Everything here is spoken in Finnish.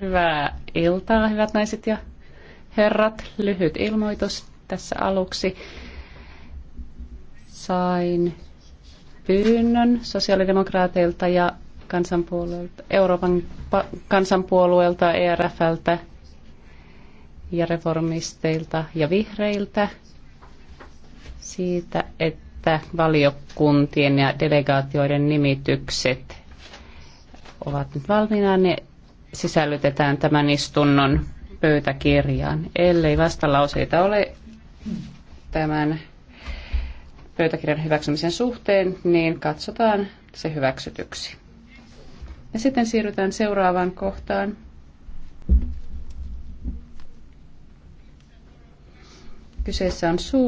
Hyvää iltaa, hyvät naiset ja herrat. Lyhyt ilmoitus tässä aluksi. Sain pyynnön sosiaalidemokraateilta ja kansanpuolueelta, Euroopan kansanpuolueelta, ERFltä ja reformisteilta ja vihreiltä siitä, että valiokuntien ja delegaatioiden nimitykset ovat nyt valmiina, ne sisällytetään tämän istunnon pöytäkirjaan. Ellei vastalauseita ole tämän pöytäkirjan hyväksymisen suhteen, niin katsotaan se hyväksytyksi. Ja sitten siirrytään seuraavaan kohtaan. Kyseessä on suu.